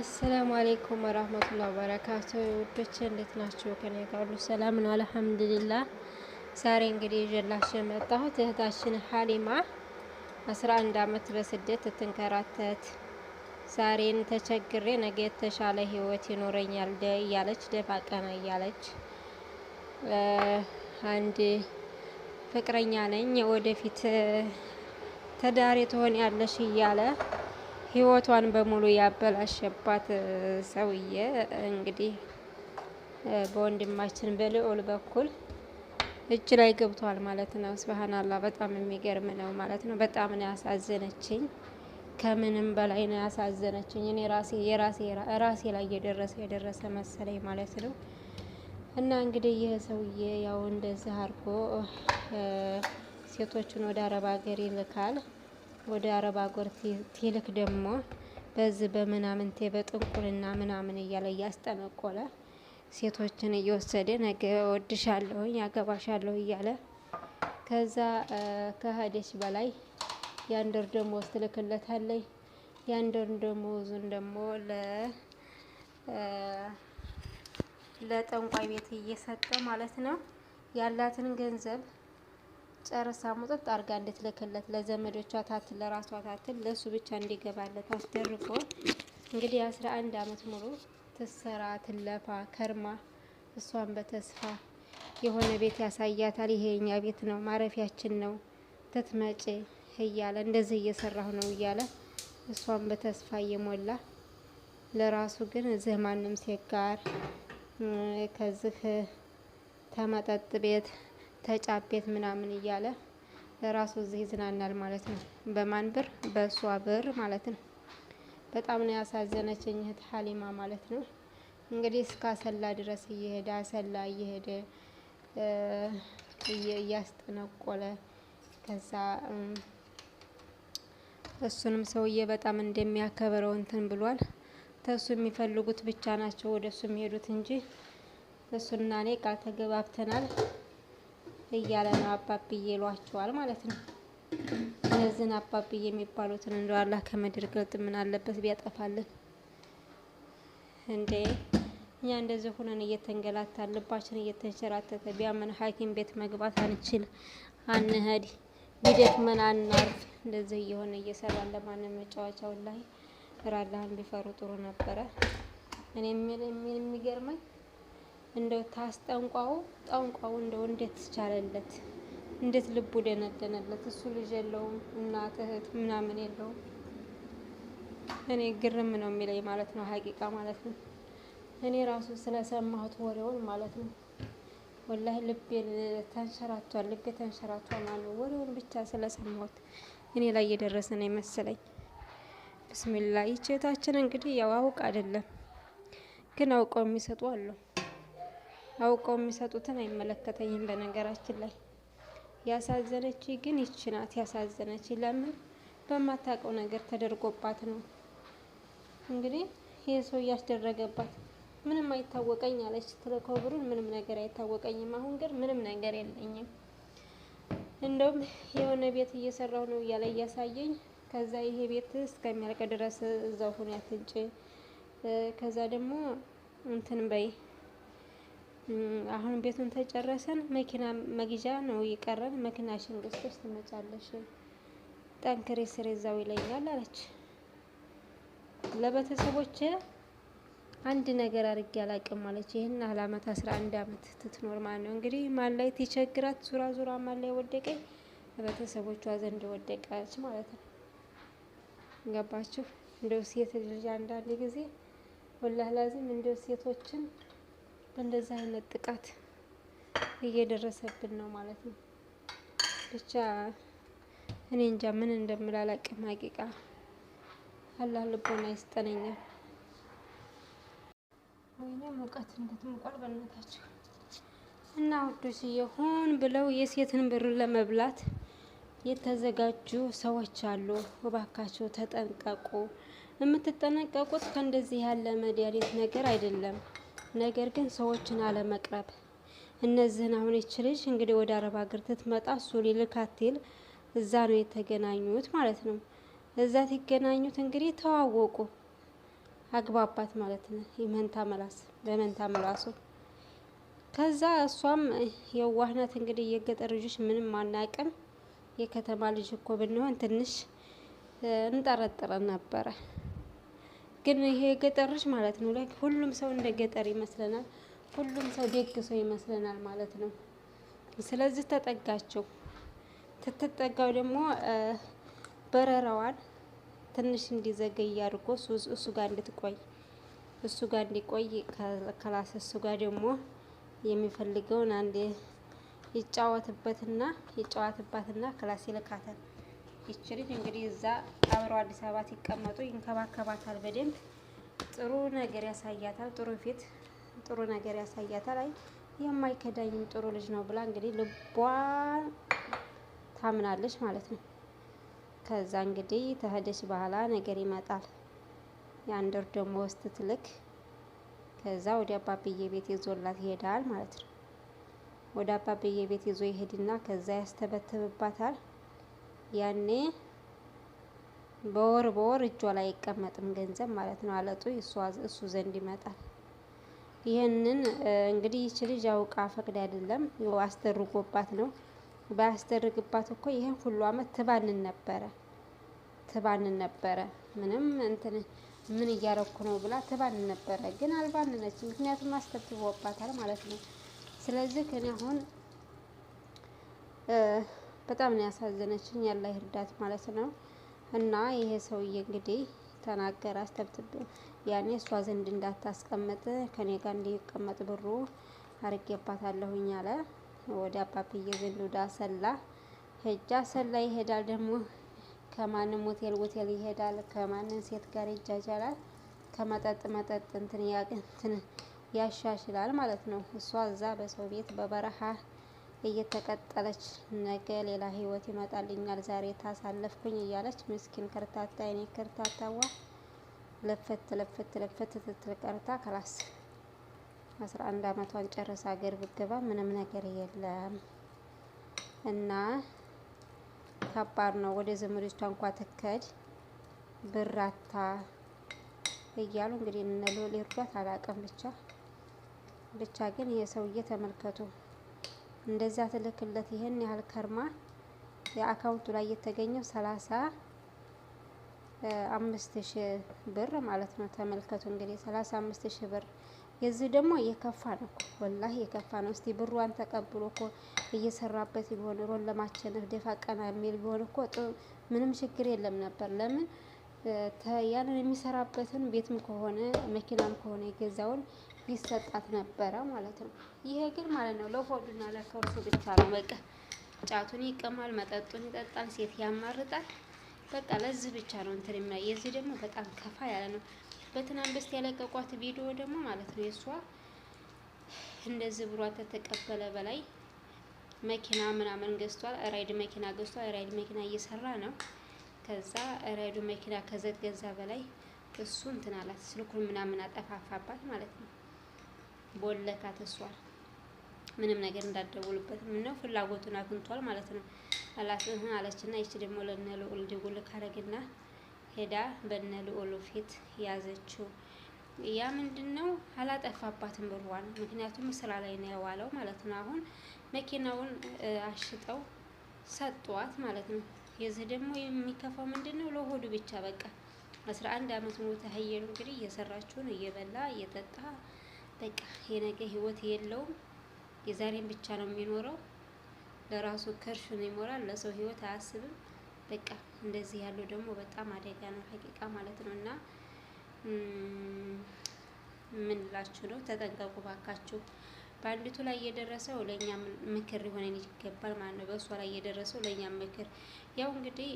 አሰላሙ አሌይኩም ወራህመቱላሂ ወበረካቱ ውዶች እንዴት ናቸው? ከኔ ጋር ሁሉ ሰላም ነው አልሐምዱሊላህ። ዛሬ እንግዲህ ይዤላችሁ የመጣሁት እህታችን ሀሊማ አስራ 11 አመት በስደት ትንከራተት ዛሬን ተቸግሬ ነገ የተሻለ ህይወት ይኖረኛል እያለች ደፋ ቀና እያለች አንድ ፍቅረኛ ነኝ ወደፊት ተዳሪ ትሆን ያለሽ እያለ ህይወቷን በሙሉ ያበላሸባት ሰውዬ እንግዲህ በወንድማችን በልዑል በኩል እጅ ላይ ገብቷል ማለት ነው። ስብሀናላ በጣም የሚገርም ነው ማለት ነው። በጣም ነው ያሳዘነችኝ። ከምንም በላይ ነው ያሳዘነችኝ። እኔ ራሴ የራሴ ራሴ ላይ የደረሰ የደረሰ መሰለኝ ማለት ነው። እና እንግዲህ ይህ ሰውዬ ያው እንደዚህ አድርጎ ሴቶችን ወደ አረብ ሀገር ይልካል። ወደ አረብ አገር ቴልክ ደግሞ በዚህ በምናምንቴ በጥንቁልና ምናምን እያለ እያስጠነቆለ ሴቶችን እየወሰደ ነገ ወድሻለሁኝ ያገባሻለሁ እያለ ከዛ ከሀዴች በላይ ያን ዶር ደሞዝ ትልክለታለች። ያን ዙን ደግሞ ለ ለጠንቋይ ቤት እየሰጠ ማለት ነው ያላትን ገንዘብ ጨርሳ ሙጥጥ እንዴት እንድትልክለት ለዘመዶቿ ታትል ለራሷ ታትል ለእሱ ብቻ እንዲገባለት አስደርጎ እንግዲህ አስራ አንድ አመት ሙሉ ትሰራ ትለፋ ከርማ እሷን በተስፋ የሆነ ቤት ያሳያታል። ይሄ ቤት ነው ማረፊያችን ነው ትትመጪ እያለ እንደዚህ እየሰራሁ ነው እያለ እሷን በተስፋ እየሞላ ለራሱ ግን እዚህ ማንም ሴት ጋር ከዚህ ተመጠጥ ቤት ተጫቤት ምናምን እያለ ለራሱ እዚህ ይዝናናል ማለት ነው። በማን ብር? በእሷ ብር ማለት ነው። በጣም ነው ያሳዘነችኝ እህት ሀሊማ ማለት ነው። እንግዲህ እስከ አሰላ ድረስ እየሄደ አሰላ እየሄደ እያስጠነቆለ ከዛ እሱንም ሰውዬ በጣም እንደሚያከብረው እንትን ብሏል። ተሱ የሚፈልጉት ብቻ ናቸው ወደ እሱ የሚሄዱት እንጂ እሱና እኔ ቃል ተገባብተናል። እያለ ነው አባብዬ ይሏቸዋል ማለት ነው። እነዚህን አባብዬ የሚባሉትን እንደው አላህ ከምድር ገልጥ ምን አለበት ቢያጠፋልን እንዴ? እኛ እንደዚህ ሆነን እየተንገላታን ልባችን እየተንሸራተተ ቢያምን ሐኪም ቤት መግባት አንችል አንሄድ ምን አናርፍ እንደዚህ እየሆነ እየሰራን ለማንም መጫወቻውን ላይ ራላህን ቢፈሩ ጥሩ ነበረ። እኔ የሚገርመኝ እንደው ታስጠንቋው ጠንቋው እንደው እንዴት ቻለለት እንዴት ልቡ ደነደነለት። እሱ ልጅ የለውም እናት እህት ምናምን የለውም። እኔ ግርም ነው የሚለኝ ማለት ነው ሀቂቃ ማለት ነው። እኔ ራሱ ስለሰማሁት ወሬውን ማለት ነው ወላሂ ልቤ ተንሸራቷል፣ ልቤ ተንሸራቷል ማለት ነው። ወሬውን ብቻ ስለሰማሁት እኔ ላይ የደረሰ ነው የመሰለኝ። ብስሚላ ይቼታችን እንግዲህ ያው አውቅ አይደለም ግን አውቀው የሚሰጡ አለው። አውቀው የሚሰጡትን አይመለከተኝም። በነገራችን ላይ ያሳዘነች ግን ይች ናት። ያሳዘነች ለምን በማታውቀው ነገር ተደርጎባት ነው እንግዲህ ይህ ሰው እያስደረገባት ምንም አይታወቀኝ አለች። ትለኮብሩን ምንም ነገር አይታወቀኝም። አሁን ግን ምንም ነገር የለኝም። እንደውም የሆነ ቤት እየሰራው ነው እያለ እያሳየኝ፣ ከዛ ይሄ ቤት እስከሚያልቅ ድረስ እዛው ሁን ያትንጭ፣ ከዛ ደግሞ እንትን በይ አሁን ቤቱን ተጨረሰን መኪና መግዣ ነው የቀረን። መኪናሽን ገዝተሽ ትመጫለሽ፣ ጠንክሬ ስሬ እዛው ይለኛል አለች። ለቤተሰቦቼ አንድ ነገር አድርጌ አላቅም አለች። ይህን ያህል አመት አስራ አንድ አመት ትትኖር ማለት ነው እንግዲህ ማን ላይ ትቸግራት ዙራ ዙራ ማን ላይ ወደቀኝ ቤተሰቦቿ ዘንድ ወደቀች ማለት ነው። ገባችሁ? እንደው ሴት ልጅ አንዳንድ ጊዜ ወላህ ላዚም እንደው ሴቶችን እንደዚህ አይነት ጥቃት እየደረሰብን ነው ማለት ነው። ብቻ እኔ እንጃ ምን እንደምላላቅ ማቂቃ አላህ ልቦና ይስጠነኛል። ወይኔ ሙቀት እንዴት በእናታችሁ እና ውዶች የሆን ብለው የሴትን ብር ለመብላት የተዘጋጁ ሰዎች አሉ። እባካቸው ተጠንቀቁ። የምትጠነቀቁት ከእንደዚህ ያለ መድኃኒት ነገር አይደለም። ነገር ግን ሰዎችን አለመቅረብ እነዚህን አሁን ይች ልጅ እንግዲህ ወደ አረብ ሀገር ትትመጣ እሱ ሊልካቴል እዛ ነው የተገናኙት ማለት ነው። እዛ ሲገናኙት እንግዲህ ተዋወቁ፣ አግባባት ማለት ነው። የመንታ መላስ በመንታ መላሱ ከዛ እሷም የዋህናት እንግዲህ የገጠር ልጆች ምንም አናቅም፣ የከተማ ልጅ እኮ ብንሆን ትንሽ እንጠረጥረን ነበረ። ግን ይሄ ገጠሮች ማለት ነው ላይክ ሁሉም ሰው እንደ ገጠር ይመስለናል። ሁሉም ሰው ደግ ሰው ይመስለናል ማለት ነው። ስለዚህ ተጠጋቸው። ትትጠጋው ደግሞ በረራዋን ትንሽ እንዲዘገይ አድርጎ እሱ ጋር እንድትቆይ እሱ ጋር እንዲቆይ ከላስ እሱ ጋር ደግሞ የሚፈልገውን አንድ ይጫወትበትና ይጫወትባትና ክላስ ይልካታል። ይች ልጅ እንግዲህ እዛ አብረው አዲስ አበባ ሲቀመጡ ይንከባከባታል በደንብ ጥሩ ነገር ያሳያታል። ጥሩ ፊት፣ ጥሩ ነገር ያሳያታል። አይ የማይከዳኝም ጥሩ ልጅ ነው ብላ እንግዲህ ልቧ ታምናለች ማለት ነው። ከዛ እንግዲህ ተሄደች በኋላ ነገር ይመጣል። የአንድ ወር ደግሞ ውስጥ ትልክ ከዛ ወደ አባብዬ ቤት ይዞላት ይሄዳል ማለት ነው። ወደ አባብዬ ቤት ይዞ ይሄድና ከዛ ያስተበትብባታል። ያኔ በወር በወር እጇ ላይ አይቀመጥም ገንዘብ ማለት ነው። አለጡ እሱ ዘንድ ይመጣል። ይህንን እንግዲህ ይች ልጅ አውቃ ፈቅድ አይደለም አስደርጎባት ነው። ባያስደርግባት እኮ ይህን ሁሉ አመት ትባንን ነበረ ትባንን ነበረ ምንም እንትን ምን እያረኩ ነው ብላ ትባንን ነበረ። ግን አልባንነች፣ ምክንያቱም አስደርጎባታል ማለት ነው። ስለዚህ እኔ አሁን በጣም ነው ያሳዘነችኝ። ያላህ እርዳት ማለት ነው። እና ይሄ ሰውዬ እንግዲህ ተናገረ አስተብትብ ያኔ እሷ ዘንድ እንዳታስቀምጥ ከኔ ጋር እንዲቀመጥ ብሩ አርጌባታለሁኝ አለ። ወደ አባብዬ ዘንድ ወደ አሰላ ሄጃ አሰላ ይሄዳል። ደግሞ ከማንም ሆቴል ሆቴል ይሄዳል። ከማንም ሴት ጋር ይጃጃላል። ከመጠጥ መጠጥ እንትን ያሻሽላል ማለት ነው። እሷ እዛ በሰው ቤት በበረሃ እየተቀጠለች ነገ ሌላ ህይወት ይመጣልኛል ዛሬ ታሳለፍኩኝ እያለች ምስኪን ከርታታ የኔ ከርታታዋ ለፈት ለፈት ለፈት ትትል ቀርታ ክላስ አስራ አንድ አመቷን ጨርሳ ሀገር ብገባ ምንም ነገር የለም እና ከባድ ነው። ወደ ዘመዶቿ እንኳ ትከድ ብራታ እያሉ እንግዲህ እነ ሎሌ እርዷት ብቻ ብቻ ግን ይህ ሰውዬ ተመልከቱ። እንደዛ ትልክለት ይህን ያህል ከርማ የአካውንቱ ላይ የተገኘው ሰላሳ አምስት ሺህ ብር ማለት ነው። ተመልከቱ እንግዲህ ሰላሳ አምስት ሺህ ብር የዚህ ደግሞ የከፋ ነው ወላህ እየከፋ የከፋ ነው። እስቲ ብሯን ተቀብሎ እኮ እየሰራበት ቢሆን ሮን ለማቸነፍ ደፋ ቀና የሚል ቢሆን እኮ ምንም ችግር የለም ነበር። ለምን ያንን የሚሰራበትን ቤትም ከሆነ መኪናም ከሆነ የገዛውን ይሰጣት ነበረ ማለት ነው። ይሄ ግን ማለት ነው ለሆዱና ለከርሱ ብቻ ነው። በቃ ጫቱን ይቀማል፣ መጠጡን ይጠጣል፣ ሴት ያማርጣል። በቃ ለዚህ ብቻ ነው እንትን የሚያ የዚህ ደግሞ በጣም ከፋ ያለ ነው። በትናንት ያለቀቋት ቪዲዮ ደግሞ ማለት ነው የእሷ እንደዚህ ብሯ ተተቀበለ በላይ መኪና ምናምን ገዝቷል። ራይድ መኪና ገዝቷል። ራይድ መኪና እየሰራ ነው። ከዛ ራይዱ መኪና ገዛ በላይ እሱ እንትን አላት ስልኩን ምናምን አጠፋፋባት ማለት ነው። ቦለካ ተሷል። ምንም ነገር እንዳደውልበት ምን ነው ፍላጎቱን አግኝቷል ማለት ነው። አላስህ አለችና ይቺ ደግሞ ለነ ልዑል ደውል ካረግና ሄዳ በነ ልዑል ፊት ያዘችው። ያ ምንድን ነው አላጠፋባትም ብሏን። ምክንያቱም ስራ ላይ ነው የዋለው ማለት ነው። አሁን መኪናውን አሽጠው ሰጧት ማለት ነው። የዚህ ደግሞ የሚከፋው ምንድን ነው ለሆዱ ብቻ በቃ አስራ አንድ አመት ሞተ። ሀየር እንግዲህ እየሰራችውን እየበላ እየጠጣ በቃ የነገ ህይወት የለውም። የዛሬን ብቻ ነው የሚኖረው። ለራሱ ከርሹ ነው ይሞራል። ለሰው ህይወት አያስብም። በቃ እንደዚህ ያለው ደግሞ በጣም አደጋ ነው ሀቂቃ ማለት ነው። እና ምንላችሁ ነው ተጠንቀቁ ባካችሁ። በአንዲቱ ላይ የደረሰው ለእኛ ምክር ሊሆነን ይገባል ማለት ነው። በእሷ ላይ የደረሰው ለእኛ ምክር ያው እንግዲህ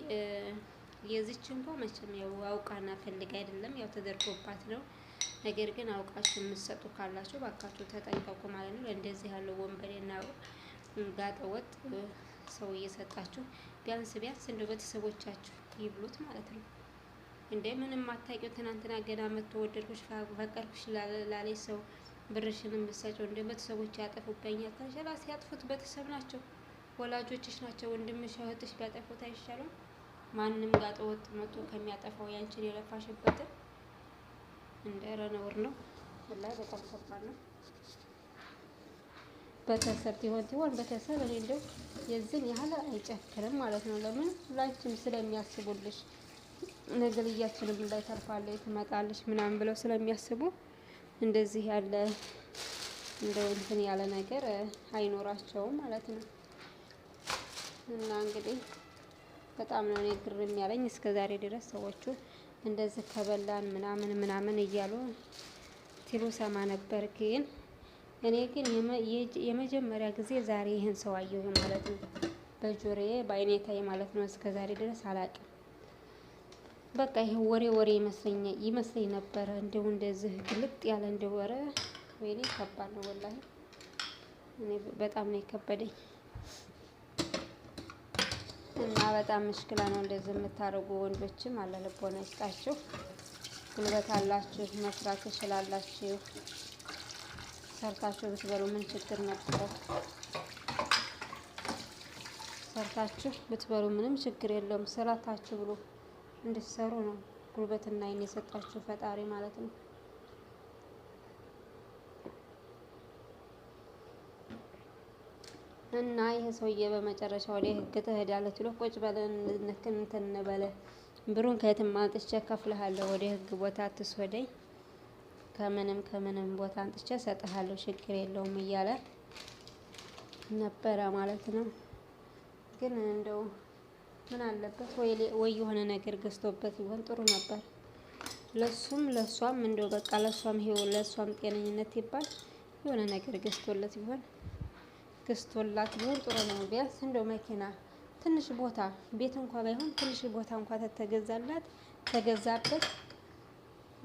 የዚች እንኳ መቼም ያው አውቃና ፈልግ አይደለም ያው ተደርጎባት ነው ነገር ግን አውቃችሁ የምትሰጡ ካላችሁ ባካችሁ ተጠንቀቁ ማለት ነው። እንደዚህ ያለው ወንበዴና ጋጠ ወጥ ሰው እየሰጣችሁ ቢያንስ ቢያንስ እንደ ቤተሰቦቻችሁ ይብሉት ማለት ነው። እንደ ምንም አታውቂው ትናንትና ገና መጥቶ ወደድኩሽ ፈቀድኩሽ ላሌ ሰው ብርሽን የምትሰጪው እንደ ቤተሰቦች ያጠፉበኛል ካልሻላ ሲያጥፉት ቤተሰብ ናቸው፣ ወላጆችሽ ናቸው። ወንድምሽ እህትሽ ቢያጠፉት አይሻልም? ማንም ጋጠ ወጥ መቶ ከሚያጠፋው ያንችን የለፋሽበትን እንደ ነውር ነው። ወላሂ በጣም ከባድ ነው። በተሰብ ቲሆን ቲሆን በተሰብ እኔ እንደው የዚህን ያህል አይጨክርም ማለት ነው። ለምን ላንቺም ስለሚያስቡልሽ ነገ ላይ ተርፋለች ትመጣለች ምናምን ብለው ስለሚያስቡ እንደዚህ ያለ እንደው እንትን ያለ ነገር አይኖራቸውም ማለት ነው። እና እንግዲህ በጣም ነው እኔ ግርም ያለኝ እስከ ዛሬ ድረስ ሰዎቹ እንደዚህ ከበላን ምናምን ምናምን እያሉ ሲሉ ሰማ ነበር። ግን እኔ ግን የመጀመሪያ ጊዜ ዛሬ ይህን ሰው አየሁ ማለት ነው። በጆሮዬ በአይኔታዬ ማለት ነው። እስከ ዛሬ ድረስ አላውቅም። በቃ ይሄ ወሬ ወሬ ይመስለኝ ነበረ። እንደው እንደዚህ ግልጥ ያለ እንደወረ ወይኔ ከባድ ነው ወላሂ። እኔ በጣም ነው የከበደኝ። እና በጣም ምሽክላ ነው እንደዚህ የምታደርጉ ወንዶችም አለ ልቦና ይስጣችሁ። ጉልበት አላችሁ፣ መስራት ትችላላችሁ። ሰርታችሁ ብትበሉ ምን ችግር ነበረው? ሰርታችሁ ብትበሉ ምንም ችግር የለውም። ስራታችሁ ብሎ እንድትሰሩ ነው ጉልበትና ዓይን የሰጣችሁ ፈጣሪ ማለት ነው። እና ይህ ሰውዬ በመጨረሻ ወደ ህግ ትሄዳለች ብሎ ቁጭ በለን እንትን እንበለ ብሩን ከየትም አንጥቼ እከፍልሃለሁ። ወደ ህግ ቦታ አትስወደኝ፣ ከምንም ከምንም ቦታ አንጥቼ እሰጥሃለሁ፣ ችግር የለውም እያለ ነበረ ማለት ነው። ግን እንደው ምን አለበት ወይ የሆነ ነገር ገዝቶበት ይሆን ጥሩ ነበር፣ ለሱም ለሷም እንደው በቃ ለሷም ይሄው ለሷም ጤነኝነት ይባል የሆነ ነገር ገዝቶለት ይሆን ገዝቶላት ቢሆን ጥሩ ነው። ቢያንስ እንደው መኪና ትንሽ ቦታ ቤት እንኳ ባይሆን ትንሽ ቦታ እንኳ ተተገዛላት ተገዛበት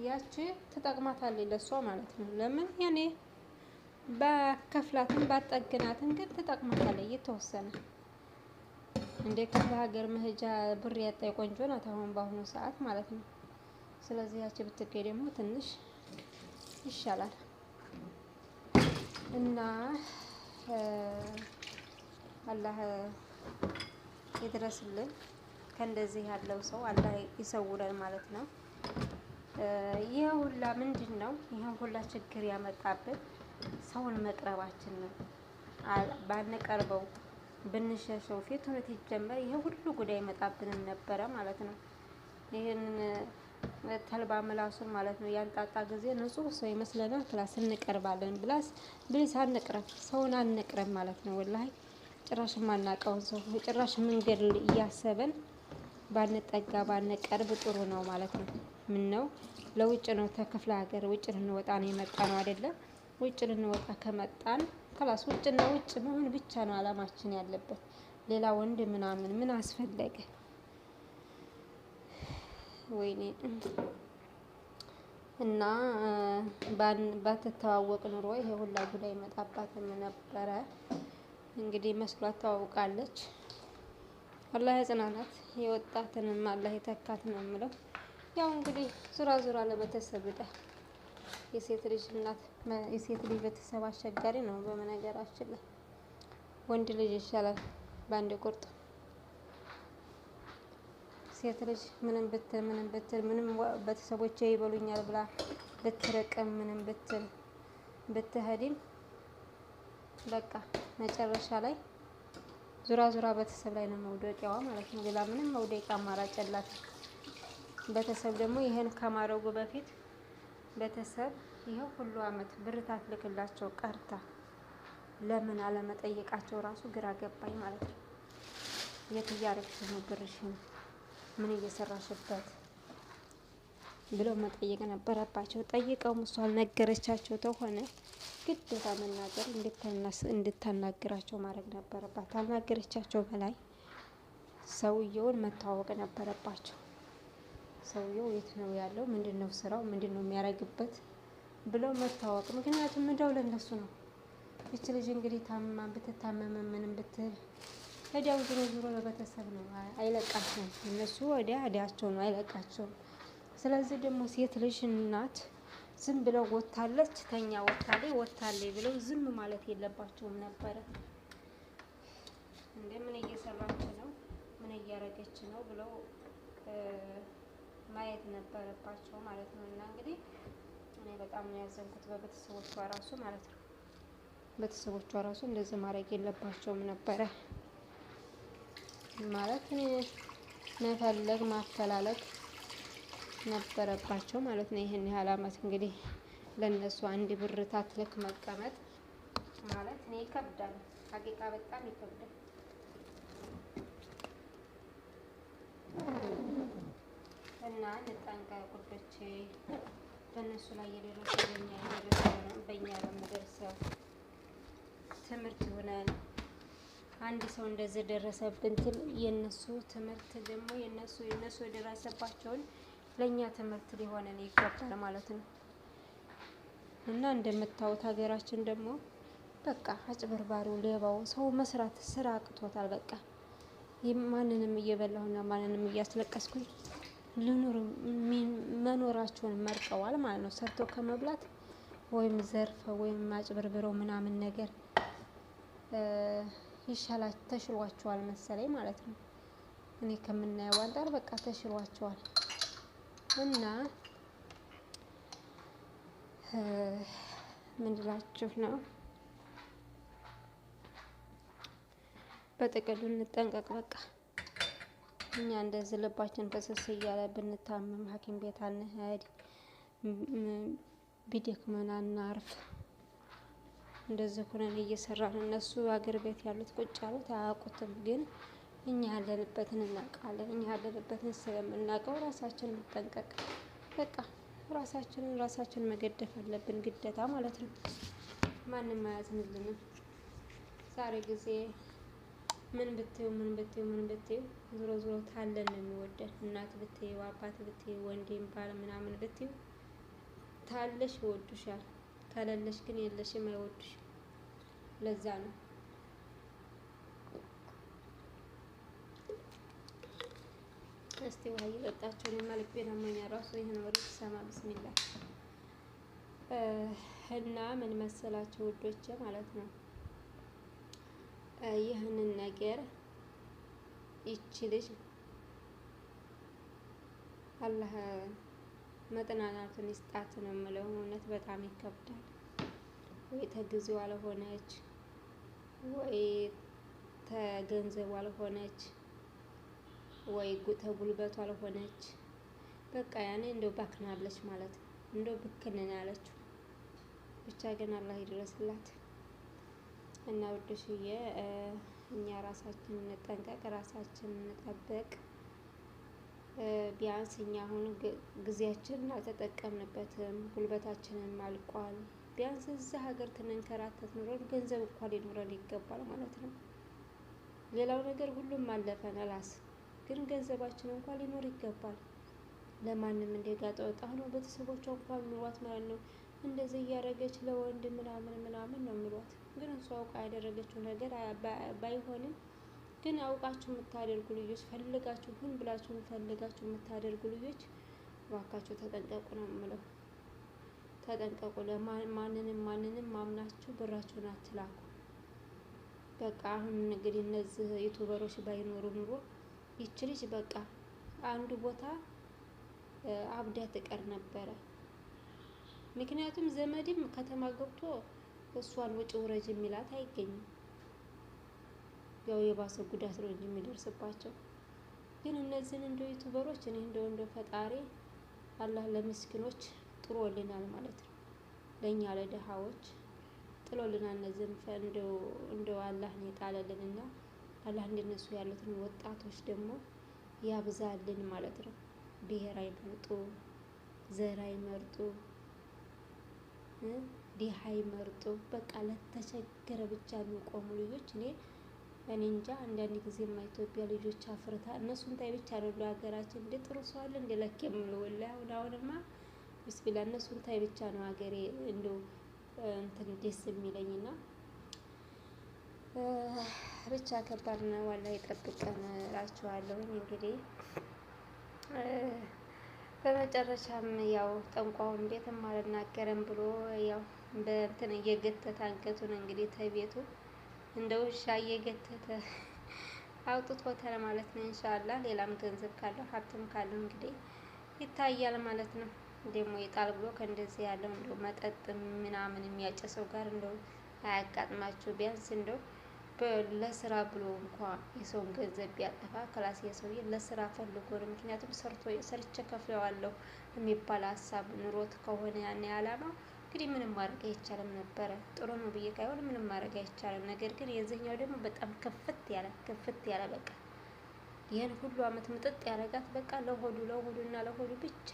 ያቺ ትጠቅማታለች ለሷ ማለት ነው። ለምን ያኔ ባከፍላትን ባጠግናትን ግን ትጠቅማታለች እየተወሰነ እንደ ክፍለ ሀገር መሄጃ ብር ያጣይ ቆንጆ ናት አሁን በአሁኑ ሰዓት ማለት ነው። ስለዚህ ያቺ ብትገኝ ደግሞ ትንሽ ይሻላል እና አላህ ይድረስልን። ከእንደዚህ ያለው ሰው አላህ ይሰውረን ማለት ነው። ይህ ሁላ ምንድን ነው? ይህን ሁላ ችግር ያመጣብን ሰውን መቅረባችን ነው። ባንቀርበው ብንሸሸው ፊት ሁኔታ ይጀመር ይሄ ሁሉ ጉዳይ ይመጣብንም ነበረ ማለት ነው። ይህን ተልባ ምላሱን ማለት ነው ያንጣጣ ጊዜ ንጹህ ሰው ይመስለናል። ክላስ እንቀርባለን ብላስ ብሊስ አንቅረብ፣ ሰውን አንቅረብ ማለት ነው። ወላሂ ጭራሽ የማናውቀውን ሰው ጭራሽ መንገድ እያሰበን ባንጠጋ ባንቀርብ ጥሩ ነው ማለት ነው። ምን ነው ለውጭ ነው ተክፍለ ሀገር ውጭ ልንወጣ ነው የመጣ ነው አይደለም። ውጭ ልንወጣ ከመጣን ክላስ ውጭና ውጭ መሆን ብቻ ነው አላማችን ያለበት። ሌላ ወንድ ምናምን ምን አስፈለገ? ወይኔ እና ባትተዋወቅ ኑሮ ይሄ ሁላ ጉዳይ መጣባትም ነበረ። እንግዲህ መስሏት ተዋውቃለች። አላህ ያጽናናት፣ የወጣትንም አላህ የተካት ነው የምለው። ያው እንግዲህ ዙራ ዙራ ለቤተሰብ የሴት ልጅ እናት የሴት ልጅ ቤተሰብ አስቸጋሪ ነው። በመነገራችን ላይ ወንድ ልጅ ይሻላል በአንድ ቁርጥ ሴት ልጅ ምንም ብትል ምንም ብትል ምንም በተሰቦች ይበሉኛል ብላ ብትርቅም ምንም ብትል ብትሄድም በቃ መጨረሻ ላይ ዙራ ዙራ ቤተሰብ ላይ ነው መውደቂያዋ ማለት ነው። ሌላ ምንም መውደቂያ አማራጭ የላትም። ቤተሰብ ደግሞ ይሄን ከማድረጉ በፊት ቤተሰብ ይሄው ሁሉ አመት ብርታት ልክላቸው ቀርታ ለምን አለመጠየቃቸው ራሱ ግራ ገባኝ ማለት ነው። የት እያደረግሽ ነው ብርሽን ምን እየሰራሽበት ብለው መጠየቅ ነበረባቸው። ጠይቀው እሷ አልነገረቻቸው ተሆነ ግዴታ መናገር እንድታናግራቸው ማድረግ ነበረባት። አልናገረቻቸው በላይ ሰውየውን መተዋወቅ ነበረባቸው። ሰውየው የት ነው ያለው? ምንድን ነው ስራው? ምንድን ነው የሚያደርግበት? ብለው መታወቅ። ምክንያቱም እንደው ለእነሱ ነው። ይች ልጅ እንግዲህ ታምማ ብትታመመ ምንም ብትል እዳው ዝሮ ዝሮ ለቤተሰብ ነው፣ አይለቃቸውም። እነሱ ወዲያ እዳቸው ነው፣ አይለቃቸውም። ስለዚህ ደግሞ ሴት ልጅ እናት ዝም ብለው ወታለች ተኛ ወታሌ ወታሌ ብለው ዝም ማለት የለባቸውም ነበረ። እንደ ምን እየሰራች ነው፣ ምን እያረገች ነው ብለው ማየት ነበረባቸው ማለት ነው። እና እንግዲህ እኔ በጣም ነው ያዘንኩት በቤተሰቦቿ ራሱ ማለት ነው። ቤተሰቦቿ ራሱ እንደዚህ ማድረግ የለባቸውም ነበረ። ማለት መፈለግ ማፈላለግ ነበረባቸው ማለት ነው። ይህን ያህል ዓመት እንግዲህ ለእነሱ አንድ ብር ታትልክ መቀመጥ ማለት እኔ ይከብዳል። ሀቂቃ በጣም ይከብዳል። እና እንጠንቀቅ ውዶቼ፣ በእነሱ ላይ የደረሰ በኛ የደረሰ በእኛ ለምደርሰው ትምህርት ይሆናል። አንድ ሰው እንደዚህ ደረሰብን ትል የነሱ ትምህርት ደግሞ የነሱ የነሱ የደረሰባቸውን ለእኛ ትምህርት ሊሆነን ይገባል ማለት ነው። እና እንደምታዩት ሀገራችን ደግሞ በቃ አጭበርባሪው፣ ሌባው ሰው መስራት ስራ አቅቶታል። በቃ ማንንም እየበላሁና ማንንም እያስለቀስኩኝ ልኑር መኖራቸውን መርጠዋል ማለት ነው። ሰርቶ ከመብላት ወይም ዘርፈ ወይም አጭበርብረው ምናምን ነገር ይሻላ ተሽሏቸዋል መሰለኝ ማለት ነው። እኔ ከምናየው አንጻር በቃ ተሽሏቸዋል እና ምንድላችሁ ነው በጥቅሉ እንጠንቀቅ። በቃ እኛ እንደዚህ ልባችን ፈሰስ እያለ ብንታመም ሐኪም ቤት አንሄድ፣ ቢደክመን አናርፍ። እንደዚህ ሆነን እየሰራን እነሱ አገር ቤት ያሉት ቁጭ ያሉት አያውቁትም፣ ግን እኛ ያለንበትን እናውቃለን። እኛ ያለንበትን ስለምናውቀው ራሳችንን መጠንቀቅ በቃ ራሳችንን ራሳችን መገደፍ አለብን ግዴታ ማለት ነው። ማንም አያዝንልንም። ዛሬ ጊዜ ምን ብትዩ ምን ብትዩ ምን ብትዩ ዞሮ ዞሮ ታለን ነው የሚወደን። እናት ብትዩ፣ አባት ብትዩ፣ ወንድም ባል ምናምን ብትዩ ታለሽ ይወዱሻል። ከሌለሽ ግን የለሽም፣ አይወዱሽም። ለዛ ነው እስቲ ውሃ እየጠጣችሁ እኔማ ልቤ ደሞኛ ራሱ ይህን ወሬ ሰማ ብስሚላ እና ምን መሰላችሁ ውዶቼ ማለት ነው ይህንን ነገር ይቺ ልጅ አላህ መጠናናቱን ይስጣት ነው የምለው። እውነት በጣም ይከብዳል። ወይ ተጊዜው አልሆነች፣ ወይ ተገንዘቡ አልሆነች፣ ወይ ተጉልበቱ አልሆነች። በቃ ያኔ እንደው ባክናለች ማለት ነው። እንደው ብክንን ያለችው ብቻ ግን አላህ ይድረስላት እና ውድሽዬ እኛ ራሳችን እንጠንቀቅ፣ ራሳችን እንጠበቅ። ቢያንስ እኛ አሁን ጊዜያችንን አልተጠቀምንበትም፣ ጉልበታችንን አልቋል። ቢያንስ እዛ ሀገር ትንንከራተት ኑሮን ገንዘብ እንኳ ሊኖረን ይገባል ማለት ነው። ሌላው ነገር ሁሉም አለፈን ላስ ግን ገንዘባችን እንኳ ሊኖር ይገባል። ለማንም እንደ ጋጠ ወጣ ሆኖ ቤተሰቦቿ እንኳን ምሏት ማለት ነው እንደዚህ እያደረገች ለወንድ ምናምን ምናምን ነው ምሏት፣ ግን እሷ አውቃ ያደረገችው ነገር ባይሆንም ግን አውቃችሁ የምታደርጉ ልጆች ፈልጋችሁ ሆን ብላችሁ ፈልጋችሁ የምታደርጉ ልጆች እባካችሁ ተጠንቀቁ ነው የምለው። ተጠንቀቁ። ለማንንም ማንንም ማምናችሁ ብራችሁን አትላኩ። በቃ አሁን እንግዲህ እነዚህ ዩቱበሮች ባይኖሩ ኑሮ ይች ልጅ በቃ አንዱ ቦታ አብዳ ትቀር ነበረ። ምክንያቱም ዘመድም ከተማ ገብቶ እሷን ውጭ ውረጅ የሚላት አይገኝም። ያው የባሰ ጉዳት ነው እንጂ የሚደርስባቸው። ግን እነዚህን እንደ ዩቱበሮች እኔ እንደው እንደ ፈጣሪ አላህ ለምስኪኖች ጥሮልናል ማለት ነው። ለእኛ ለድሃዎች ጥሎልናል። እነዚህን እንደው አላህ የጣለልን እና አላህ እንደነሱ ያሉትን ወጣቶች ደግሞ ያብዛልን ማለት ነው። ብሔር አይመርጡ፣ ዘር አይመርጡ፣ ድሃ አይመርጡ። በቃ ለተቸገረ ብቻ የሚቆሙ ልጆች እኔ እኔ እንጃ አንዳንድ ጊዜማ ኢትዮጵያ ልጆች አፍርታ እነሱን ታይ ብቻ ነው ለሀገራችን እንደ ጥሩ ሰው አለ እንደ ለክ የምንውላ አሁን አሁንማ ብስሚላ እነሱን ታይ ብቻ ነው ሀገሬ እንደ እንትን ደስ የሚለኝ ና ብቻ ከባድ ነው። ዋላ የጠብቀን እላችኋለሁ። እንግዲህ በመጨረሻም ያው ጠንቋው እንዴትም አልናገረም ብሎ ያው በእንትን እየገተተ አንገቱን እንግዲህ ተቤቱ እንደ ውሻ እየገተተ አውጥቶታል ማለት ነው። ኢንሻአላህ ሌላም ገንዘብ ካለው ሀብትም ካለው እንግዲህ ይታያል ማለት ነው። ደግሞ ይጣል ብሎ ከእንደዚህ ያለው እንደው መጠጥ ምናምን የሚያጨሰው ጋር እንደው አያጋጥማችሁ። ቢያንስ እንደው ለስራ ብሎ እንኳ የሰውን ገንዘብ ቢያጠፋ ክላስ የሰውዬ ለስራ ፈልጎ ነው። ምክንያቱም ሰርቶ ሰርቼ ከፍለዋለሁ የሚባል ሀሳብ ኑሮት ከሆነ ያን አላማ እንግዲህ ምንም ማድረግ አይቻልም ነበረ። ጥሩ ነው ብዬ ካይሆን ምንም ማድረግ አይቻልም። ነገር ግን የዚህኛው ደግሞ በጣም ክፍት ያለ ክፍት ያለ በቃ ይህን ሁሉ አመት ምጥጥ ያረጋት በቃ ለሆዱ ለሆዱ እና ለሆዱ ብቻ።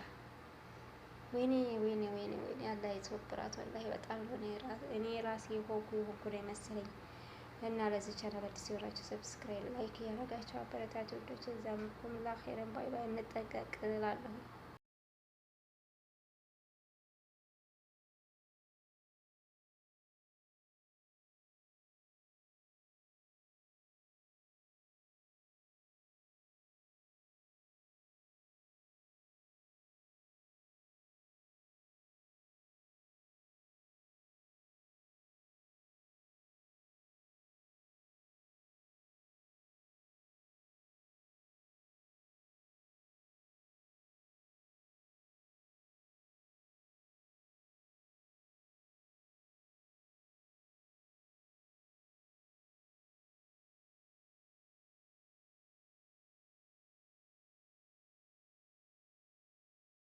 ወይኔ ወይኔ ወይኔ ወይኔ አላ ይስወብራት። ወላሂ በጣም እኔ ራሴ ሆንኩ የሆንኩ ነው የመሰለኝ። እና ለዚህ ቻናል አዲስ የሆናችሁ ሰብስክራይብ፣ ላይክ እያረጋችሁ አበረታችሁ ወዳጆች። እዛም ሁም ላ ኸይረን ባይ ባይ። እንጠንቀቅ እላለሁ።